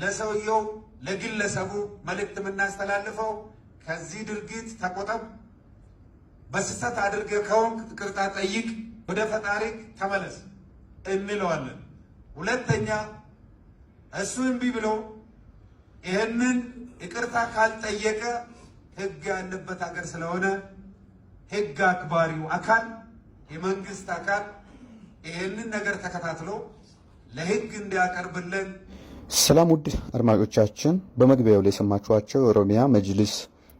ለሰውየው ለግለሰቡ መልእክት የምናስተላልፈው ከዚህ ድርጊት ተቆጠብ፣ በስህተት አድርገ ከሆንክ ይቅርታ ጠይቅ፣ ወደ ፈጣሪ ተመለስ እንለዋለን። ሁለተኛ እሱ እምቢ ብሎ ይህንን ይቅርታ ካልጠየቀ ህግ ያለበት ሀገር ስለሆነ ህግ አክባሪው አካል የመንግስት አካል ይህንን ነገር ተከታትሎ ለህግ እንዲያቀርብልን ሰላም ውድ አድማጮቻችን፣ በመግቢያው ላይ የሰማችኋቸው የኦሮሚያ መጅልስ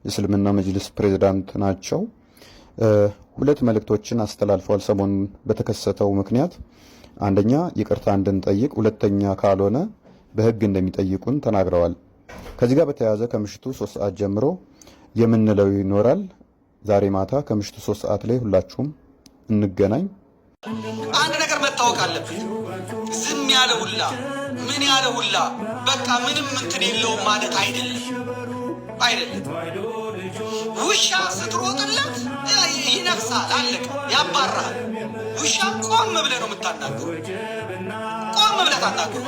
የእስልምና መጅልስ ፕሬዚዳንት ናቸው። ሁለት መልእክቶችን አስተላልፈዋል። ሰሞኑን በተከሰተው ምክንያት አንደኛ ይቅርታ እንድንጠይቅ፣ ሁለተኛ ካልሆነ በህግ እንደሚጠይቁን ተናግረዋል። ከዚህ ጋር በተያያዘ ከምሽቱ ሶስት ሰዓት ጀምሮ የምንለው ይኖራል። ዛሬ ማታ ከምሽቱ ሶስት ሰዓት ላይ ሁላችሁም እንገናኝ። አንድ ነገር መታወቅ አለብን። ዝም ያለ ሁላ ምን ያለ ሁላ በቃ ምንም እንትን የለውም ማለት አይደለም አይደለም። ውሻ ስትሮጥለት ይነፍሳል፣ አለቀ፣ ያባራል። ውሻ ቆም ብለህ ነው የምታናገሩ፣ ቆም ብለህ ታናገሩ።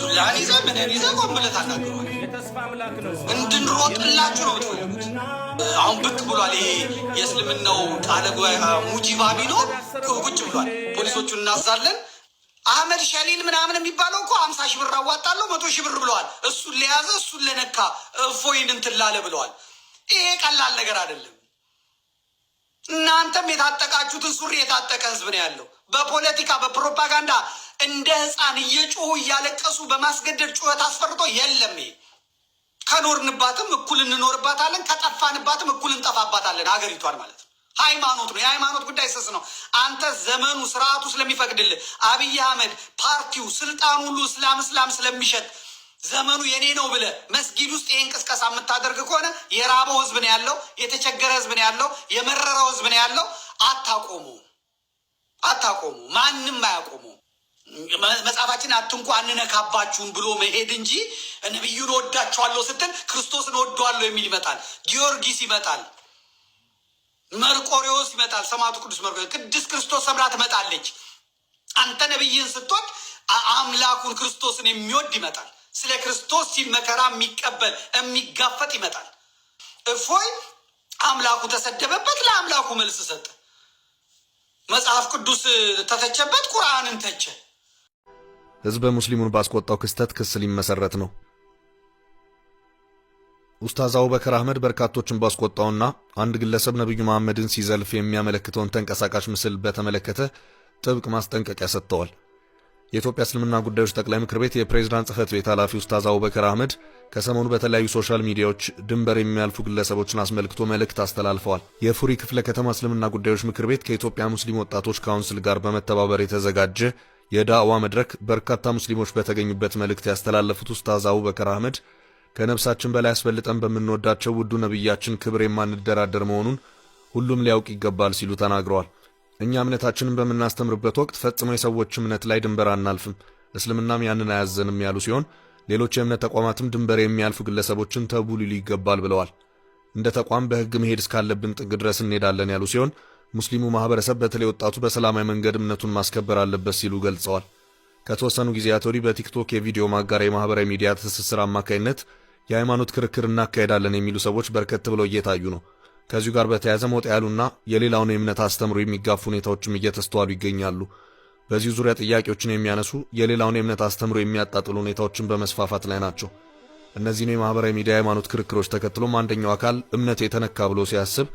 ዱላን ይዘህ ምንን ይዘህ ቆም ብለህ ታናገሩ። እንድንሮጥላችሁ ነው የምትፈልጉት። አሁን ብቅ ብሏል። ይሄ የእስልምናው ቃለ ጉባኤ ሙጂባ ቢኖር ቁጭ ብሏል። ፖሊሶቹን እናዛለን አህመድ ሸሊል ምናምን የሚባለው እኮ አምሳ ሺህ ብር አዋጣለሁ መቶ ሺህ ብር ብለዋል። እሱን ለያዘ እሱን ለነካ እፎይን እንትላለ ብለዋል። ይሄ ቀላል ነገር አይደለም። እናንተም የታጠቃችሁትን ሱሪ የታጠቀ ህዝብ ነው ያለው። በፖለቲካ በፕሮፓጋንዳ እንደ ህፃን እየጮሁ እያለቀሱ በማስገደድ ጩኸት አስፈርቶ የለም። ከኖርንባትም እኩል እንኖርባታለን፣ ከጠፋንባትም እኩል እንጠፋባታለን ሀገሪቷን ማለት ነው። ሃይማኖት ነው። የሃይማኖት ጉዳይ ስስ ነው። አንተ ዘመኑ ስርዓቱ ስለሚፈቅድልህ አብይ አህመድ ፓርቲው፣ ስልጣኑ ሁሉ እስላም እስላም ስለሚሸጥ ዘመኑ የኔ ነው ብለ መስጊድ ውስጥ ይህን ቅስቀሳ የምታደርግ ከሆነ የራበው ህዝብ ነው ያለው፣ የተቸገረ ህዝብ ነው ያለው፣ የመረረው ህዝብ ነው ያለው። አታቆሙ፣ አታቆሙ፣ ማንም አያቆሙ። መጽሐፋችን አትንኩ አንነካባችሁን ብሎ መሄድ እንጂ ነቢዩን ወዳችኋለሁ ስትል ክርስቶስን ወደዋለሁ የሚል ይመጣል፣ ጊዮርጊስ ይመጣል። መርቆሪዎስ ይመጣል። ሰማዕቱ ቅዱስ መርቆሪዎስ ቅድስት ክርስቶስ ሰምራ ትመጣለች። አንተ ነብይህን ስትወድ አምላኩን ክርስቶስን የሚወድ ይመጣል። ስለ ክርስቶስ ሲል መከራ የሚቀበል የሚጋፈጥ ይመጣል። እፎይ አምላኩ ተሰደበበት፣ ለአምላኩ መልስ ሰጠ። መጽሐፍ ቅዱስ ተተቸበት፣ ቁርአንን ተቸ። ህዝበ ሙስሊሙን ባስቆጣው ክስተት ክስ ሊመሰረት ነው። ኡስታዝ አቡበከር አህመድ በርካቶችን ባስቆጣውና አንድ ግለሰብ ነቢዩ መሐመድን ሲዘልፍ የሚያመለክተውን ተንቀሳቃሽ ምስል በተመለከተ ጥብቅ ማስጠንቀቂያ ሰጥተዋል። የኢትዮጵያ እስልምና ጉዳዮች ጠቅላይ ምክር ቤት የፕሬዝዳንት ጽህፈት ቤት ኃላፊ ኡስታዝ አቡበከር አህመድ ከሰሞኑ በተለያዩ ሶሻል ሚዲያዎች ድንበር የሚያልፉ ግለሰቦችን አስመልክቶ መልእክት አስተላልፈዋል። የፉሪ ክፍለ ከተማ እስልምና ጉዳዮች ምክር ቤት ከኢትዮጵያ ሙስሊም ወጣቶች ካውንስል ጋር በመተባበር የተዘጋጀ የዳዕዋ መድረክ በርካታ ሙስሊሞች በተገኙበት መልእክት ያስተላለፉት ኡስታዝ አቡበከር አህመድ ከነፍሳችን በላይ አስበልጠን በምንወዳቸው ውዱ ነቢያችን ክብር የማንደራደር መሆኑን ሁሉም ሊያውቅ ይገባል ሲሉ ተናግረዋል። እኛ እምነታችንን በምናስተምርበት ወቅት ፈጽሞ የሰዎች እምነት ላይ ድንበር አናልፍም፣ እስልምናም ያንን አያዘንም ያሉ ሲሆን ሌሎች የእምነት ተቋማትም ድንበር የሚያልፉ ግለሰቦችን ተቡ ሊሉ ይገባል ብለዋል። እንደ ተቋም በሕግ መሄድ እስካለብን ጥግ ድረስ እንሄዳለን ያሉ ሲሆን ሙስሊሙ ማህበረሰብ በተለይ ወጣቱ በሰላማዊ መንገድ እምነቱን ማስከበር አለበት ሲሉ ገልጸዋል። ከተወሰኑ ጊዜያት ወዲህ በቲክቶክ የቪዲዮ ማጋሪያ የማህበራዊ ሚዲያ ትስስር አማካኝነት የሃይማኖት ክርክር እናካሄዳለን የሚሉ ሰዎች በርከት ብለው እየታዩ ነው። ከዚሁ ጋር በተያያዘ ሞጣ ያሉና የሌላውን የእምነት አስተምሮ የሚጋፉ ሁኔታዎችም እየተስተዋሉ ይገኛሉ። በዚሁ ዙሪያ ጥያቄዎችን የሚያነሱ የሌላውን የእምነት አስተምሮ የሚያጣጥሉ ሁኔታዎችን በመስፋፋት ላይ ናቸው። እነዚህን የማኅበራዊ ሚዲያ ሃይማኖት ክርክሮች ተከትሎም አንደኛው አካል እምነት የተነካ ብሎ ሲያስብ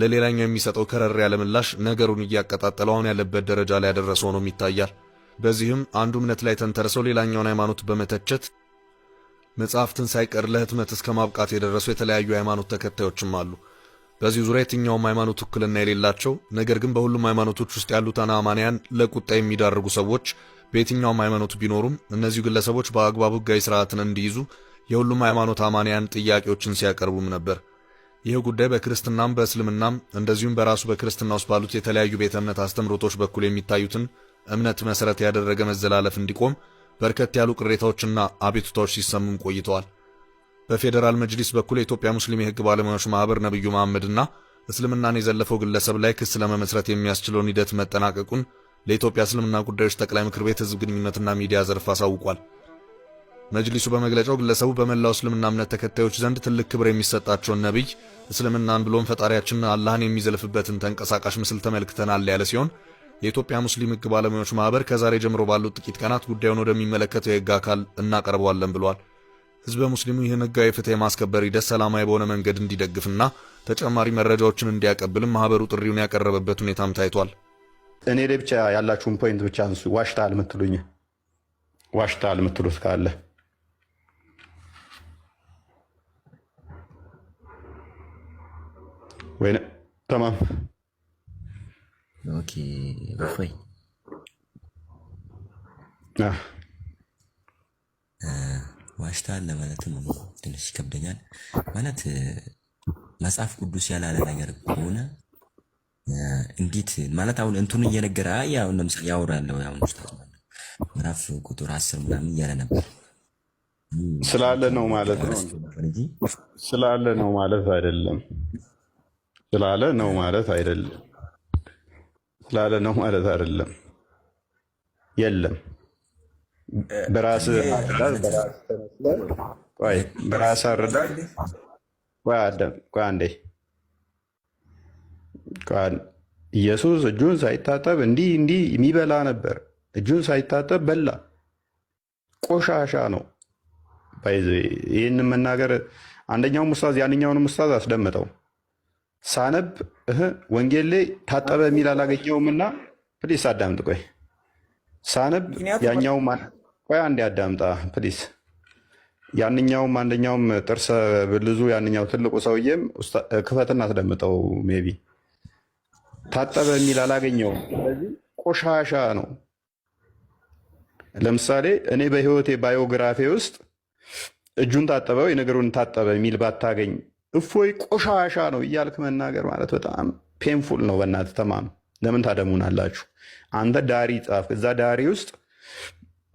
ለሌላኛው የሚሰጠው ከረር ያለ ምላሽ ነገሩን እያቀጣጠለው አሁን ያለበት ደረጃ ላይ ያደረሰው ሆኖም ይታያል። በዚህም አንዱ እምነት ላይ ተንተርሰው ሌላኛውን ሃይማኖት በመተቸት መጽሐፍትን ሳይቀር ለህትመት እስከ ማብቃት የደረሱ የተለያዩ ሃይማኖት ተከታዮችም አሉ። በዚህ ዙሪያ የትኛውም ሃይማኖት ውክልና የሌላቸው ነገር ግን በሁሉም ሃይማኖቶች ውስጥ ያሉትን አማንያን ለቁጣ የሚዳርጉ ሰዎች በየትኛውም ሃይማኖት ቢኖሩም እነዚህ ግለሰቦች በአግባቡ ህጋዊ ስርዓትን እንዲይዙ የሁሉም ሃይማኖት አማንያን ጥያቄዎችን ሲያቀርቡም ነበር። ይህ ጉዳይ በክርስትናም በእስልምናም እንደዚሁም በራሱ በክርስትና ውስጥ ባሉት የተለያዩ ቤተ እምነት አስተምሮቶች በኩል የሚታዩትን እምነት መሰረት ያደረገ መዘላለፍ እንዲቆም በርከት ያሉ ቅሬታዎችና አቤቱታዎች ሲሰሙም ቆይተዋል። በፌዴራል መጅሊስ በኩል የኢትዮጵያ ሙስሊም የህግ ባለሙያዎች ማህበር ነብዩ መሐመድና እስልምናን የዘለፈው ግለሰብ ላይ ክስ ለመመስረት የሚያስችለውን ሂደት መጠናቀቁን ለኢትዮጵያ እስልምና ጉዳዮች ጠቅላይ ምክር ቤት ህዝብ ግንኙነትና ሚዲያ ዘርፍ አሳውቋል። መጅሊሱ በመግለጫው ግለሰቡ በመላው እስልምና እምነት ተከታዮች ዘንድ ትልቅ ክብር የሚሰጣቸውን ነቢይ፣ እስልምናን ብሎም ፈጣሪያችንን አላህን የሚዘልፍበትን ተንቀሳቃሽ ምስል ተመልክተናል ያለ ሲሆን የኢትዮጵያ ሙስሊም ሕግ ባለሙያዎች ማህበር ከዛሬ ጀምሮ ባሉት ጥቂት ቀናት ጉዳዩን ወደሚመለከተው የሕግ አካል እናቀርበዋለን ብሏል። ህዝበ ሙስሊሙ ይህን ህጋዊ ፍትህ የማስከበር ሂደት ሰላማዊ በሆነ መንገድ እንዲደግፍና ተጨማሪ መረጃዎችን እንዲያቀብልም ማህበሩ ጥሪውን ያቀረበበት ሁኔታም ታይቷል። እኔ ላይ ብቻ ያላችሁን ፖይንት ብቻ አንሱ። ዋሽታ አልምትሉኝ ዋሽታ አልምትሉት ካለ ወይ ተማም ኦኬ እፎይ ዋሽታል ለማለትም ትንሽ ይከብደኛል። ማለት መጽሐፍ ቅዱስ ያላለ ነገር ከሆነ እንዴት ማለት አሁን እንቱን እየነገረ ያሁን ለምሳሌ ያወራለው አሁን ውስታት ምዕራፍ ቁጥር አስር ምናምን እያለ ነበር ስላለ ነው ማለት ነው ስላለ ነው ማለት አይደለም ስላለ ነው ማለት አይደለም ላለ ነው ማለት አይደለም። የለም በራስ በራስ አረዳድ አንዴ ኢየሱስ እጁን ሳይታጠብ እንዲህ እንዲህ የሚበላ ነበር። እጁን ሳይታጠብ በላ። ቆሻሻ ነው። ይህን መናገር አንደኛውን ሙስታዝ ያንኛውንም ሙስታዝ አስደምጠው ሳነብ ወንጌል ላይ ታጠበ የሚል አላገኘውም እና ፕሊስ አዳምጥ። ቆይ ሳነብ ያኛው ቆይ አንዴ አዳምጣ ፕሊስ። ያንኛውም አንደኛውም ጥርሰ ብልዙ ያንኛው ትልቁ ሰውዬም ክፈትና አስደምጠው። ሜቢ ታጠበ የሚል አላገኘውም። ስለዚህ ቆሻሻ ነው። ለምሳሌ እኔ በህይወቴ ባዮግራፊ ውስጥ እጁን ታጠበ ወይ ነገሩን ታጠበ የሚል ባታገኝ እፎይ ቆሻሻ ነው እያልክ መናገር ማለት በጣም ፔንፉል ነው። በእናትህ ተማም ለምን ታደሙናላችሁ? አንተ ዳሪ ጻፍ። እዛ ዳሪ ውስጥ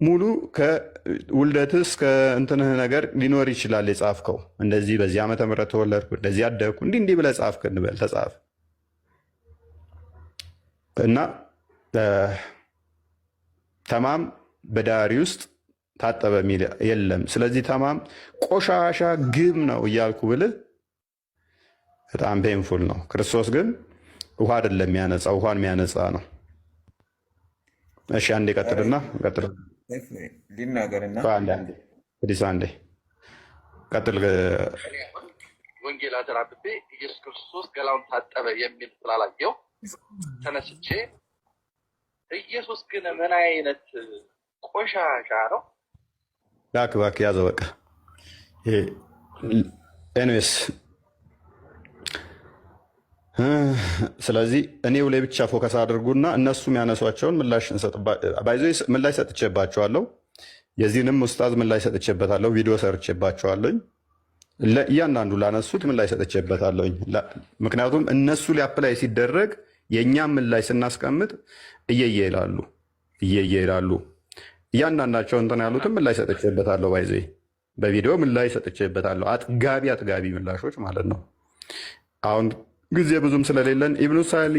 ሙሉ ከውልደትህ እስከ እንትንህ ነገር ሊኖር ይችላል የጻፍከው። እንደዚህ በዚህ ዓመተ ምህረት ተወለድኩ፣ እንደዚህ አደግኩ፣ እንዲህ እንዲህ ብለህ ጻፍክ እንበል ተጻፍ እና ተማም በዳሪ ውስጥ ታጠበ የሚል የለም። ስለዚህ ተማም ቆሻሻ ግም ነው እያልኩ ብልህ በጣም ፔንፉል ነው። ክርስቶስ ግን ውሃ አይደለም የሚያነጻ፣ ውሃን የሚያነጻ ነው። እሺ አንዴ ቀጥልና ቀጥል አንዴ ቀጥል። ወንጌል አዘራብቤ ኢየሱስ ክርስቶስ ገላውን ታጠበ የሚል ስላላየው ተነስቼ ኢየሱስ ግን ምን አይነት ቆሻሻ ነው። እባክህ እባክህ ያዘ በቃ ኤኒዌይስ ስለዚህ እኔው ላይ ብቻ ፎከስ አድርጉና እነሱ የሚያነሷቸውን ምላሽ ምላሽ ሰጥቼባቸዋለሁ። የዚህንም ኡስታዝ ምላሽ ሰጥቼበታለሁ። ቪዲዮ ሰርቼባቸዋለኝ። እያንዳንዱ ላነሱት ምላሽ ሰጥቼበታለኝ። ምክንያቱም እነሱ ሊያፕላይ ሲደረግ የእኛም ምላሽ ስናስቀምጥ እየየ ይላሉ እየየ ይላሉ። እያንዳንዳቸው እንትን ያሉትም ምላሽ ሰጥቼበታለሁ። ባይዘ በቪዲዮ ምላሽ ሰጥቼበታለሁ። አጥጋቢ አጥጋቢ ምላሾች ማለት ነው አሁን ጊዜ ብዙም ስለሌለን ኢብኑ ሳሊ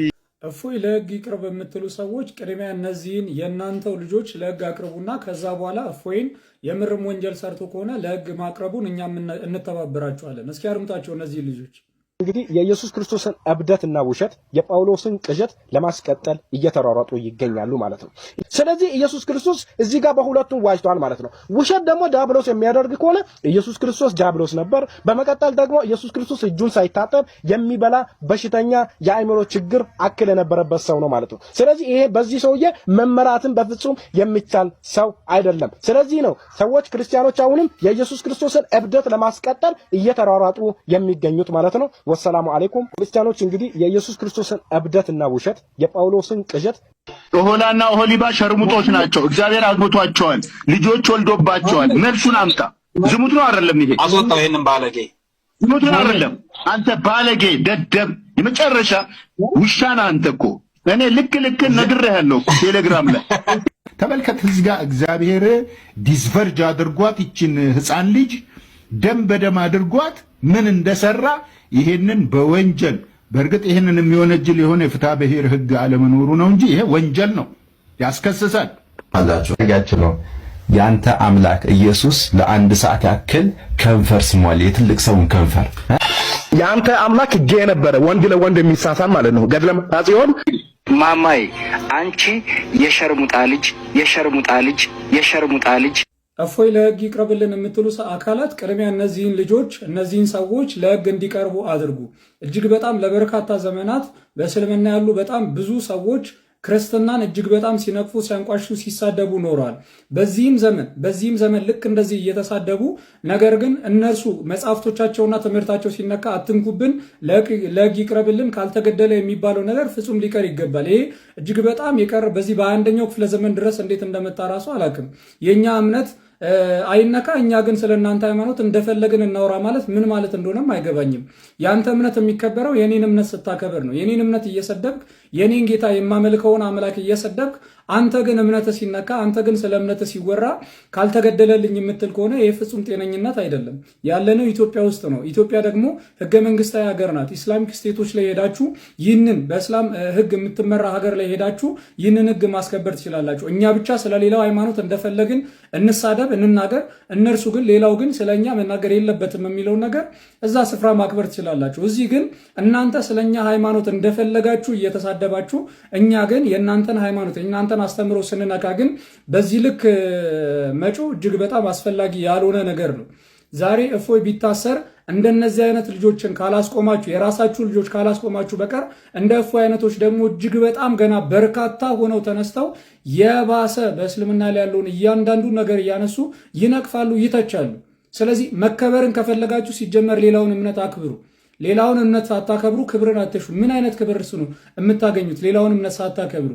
እፎይ ለህግ ይቅርብ የምትሉ ሰዎች ቅድሚያ እነዚህን የእናንተው ልጆች ለህግ አቅርቡና ከዛ በኋላ እፎይን የምርም ወንጀል ሰርቶ ከሆነ ለህግ ማቅረቡን እኛም እንተባበራችኋለን። እስኪ አርምታቸው እነዚህ ልጆች እንግዲህ የኢየሱስ ክርስቶስን እብደትና ውሸት የጳውሎስን ቅዠት ለማስቀጠል እየተሯሯጡ ይገኛሉ ማለት ነው። ስለዚህ ኢየሱስ ክርስቶስ እዚህ ጋር በሁለቱም ዋጅቷል ማለት ነው። ውሸት ደግሞ ዲያብሎስ የሚያደርግ ከሆነ ኢየሱስ ክርስቶስ ዲያብሎስ ነበር። በመቀጠል ደግሞ ኢየሱስ ክርስቶስ እጁን ሳይታጠብ የሚበላ በሽተኛ፣ የአእምሮ ችግር አክል የነበረበት ሰው ነው ማለት ነው። ስለዚህ ይሄ በዚህ ሰውዬ መመራትን በፍጹም የሚቻል ሰው አይደለም። ስለዚህ ነው ሰዎች ክርስቲያኖች አሁንም የኢየሱስ ክርስቶስን እብደት ለማስቀጠል እየተሯሯጡ የሚገኙት ማለት ነው። ወሰላሙ አሌይኩም። ክርስቲያኖች እንግዲህ የኢየሱስ ክርስቶስን እብደት እና ውሸት የጳውሎስን ቅዠት ኦሆላና ኦሆሊባ ሸርሙጦች ናቸው። እግዚአብሔር አግብቷቸዋል፣ ልጆች ወልዶባቸዋል። መልሱን አምጣ። ዝሙት ነው አይደለም? ይሄ አስወጣው። ይሄንን ባለጌ ዝሙት ነው አይደለም? አንተ ባለጌ ደደብ፣ የመጨረሻ ውሻና አንተ እኮ እኔ ልክ ልክ ነግሬሃለሁ ቴሌግራም ላይ ተመልከት። እዚህ ጋር እግዚአብሔር ዲስቨርጅ አድርጓት ይችን ህፃን ልጅ ደም በደም አድርጓት ምን እንደሰራ ይሄንን በወንጀል በእርግጥ ይህንን የሚወነጅል የሆነ የፍትሐ ብሔር ህግ አለመኖሩ ነው እንጂ ይሄ ወንጀል ነው፣ ያስከስሳል አላቸው ነው። ያንተ አምላክ ኢየሱስ ለአንድ ሰዓት ያክል ከንፈር ስሟል፣ የትልቅ ሰውን ከንፈር። ያንተ አምላክ ጌ ነበረ፣ ወንድ ለወንድ የሚሳሳም ማለት ነው። ገድለም ጽዮን ማማይ አንቺ የሸርሙጣ ልጅ፣ የሸርሙጣ ልጅ፣ የሸርሙጣ ልጅ እፎይ ለህግ ይቅረብልን የምትሉ አካላት ቅድሚያ እነዚህን ልጆች እነዚህን ሰዎች ለህግ እንዲቀርቡ አድርጉ። እጅግ በጣም ለበርካታ ዘመናት በእስልምና ያሉ በጣም ብዙ ሰዎች ክርስትናን እጅግ በጣም ሲነቅፉ፣ ሲያንቋሹ፣ ሲሳደቡ ኖረዋል። በዚህም ዘመን በዚህም ዘመን ልክ እንደዚህ እየተሳደቡ ነገር ግን እነርሱ መጽሐፍቶቻቸውና ትምህርታቸው ሲነካ አትንኩብን፣ ለህግ ይቅረብልን፣ ካልተገደለ የሚባለው ነገር ፍጹም ሊቀር ይገባል። ይሄ እጅግ በጣም የቀር በዚህ በአንደኛው ክፍለ ዘመን ድረስ እንዴት እንደመጣ ራሱ አላውቅም። የእኛ እምነት አይነካ፣ እኛ ግን ስለ እናንተ ሃይማኖት እንደፈለግን እናውራ ማለት ምን ማለት እንደሆነም አይገባኝም። ያንተ እምነት የሚከበረው የኔን እምነት ስታከብር ነው። የኔን እምነት እየሰደብክ የኔን ጌታ የማመልከውን አምላክ እየሰደብክ አንተ ግን እምነት ሲነካ፣ አንተ ግን ስለ እምነት ሲወራ ካልተገደለልኝ የምትል ከሆነ ይህ ፍጹም ጤነኝነት አይደለም። ያለነው ኢትዮጵያ ውስጥ ነው። ኢትዮጵያ ደግሞ ህገ መንግስታዊ ሀገር ናት። ኢስላሚክ ስቴቶች ላይ ሄዳችሁ ይህንን በእስላም ህግ የምትመራ ሀገር ላይ ሄዳችሁ ይህንን ህግ ማስከበር ትችላላችሁ። እኛ ብቻ ስለሌላው ሃይማኖት እንደፈለግን እንሳደብ፣ እንናገር፣ እነርሱ ግን ሌላው ግን ስለኛ መናገር የለበትም የሚለውን ነገር እዛ ስፍራ ማክበር ትችላላችሁ። እዚህ ግን እናንተ ስለኛ ሃይማኖት እንደፈለጋችሁ እየተሳደባችሁ፣ እኛ ግን የእናንተን ሃይማኖት የእናንተ ሰጠን አስተምሮ ስንነካ ግን በዚህ ልክ መጮ እጅግ በጣም አስፈላጊ ያልሆነ ነገር ነው። ዛሬ እፎይ ቢታሰር እንደነዚህ አይነት ልጆችን ካላስቆማችሁ የራሳችሁ ልጆች ካላስቆማችሁ በቀር እንደ እፎይ አይነቶች ደግሞ እጅግ በጣም ገና በርካታ ሆነው ተነስተው የባሰ በእስልምና ላይ ያለውን እያንዳንዱን ነገር እያነሱ ይነቅፋሉ፣ ይተቻሉ። ስለዚህ መከበርን ከፈለጋችሁ ሲጀመር ሌላውን እምነት አክብሩ። ሌላውን እምነት ሳታከብሩ ክብርን አትሹ። ምን አይነት ክብር ነው የምታገኙት? ሌላውን እምነት ሳታከብሩ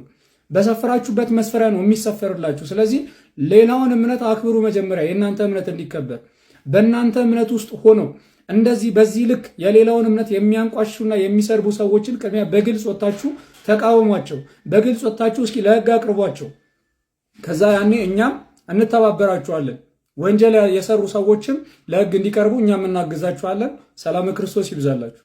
በሰፈራችሁበት መስፈሪያ ነው የሚሰፈርላችሁ። ስለዚህ ሌላውን እምነት አክብሩ መጀመሪያ የእናንተ እምነት እንዲከበር። በእናንተ እምነት ውስጥ ሆነው እንደዚህ በዚህ ልክ የሌላውን እምነት የሚያንቋሹና የሚሰርቡ ሰዎችን ቅድሚያ በግልጽ ወታችሁ ተቃወሟቸው። በግልጽ ወታችሁ እስኪ ለህግ አቅርቧቸው። ከዛ ያኔ እኛም እንተባበራችኋለን። ወንጀል የሰሩ ሰዎችም ለህግ እንዲቀርቡ እኛም እናግዛችኋለን። ሰላም ክርስቶስ ይብዛላችሁ።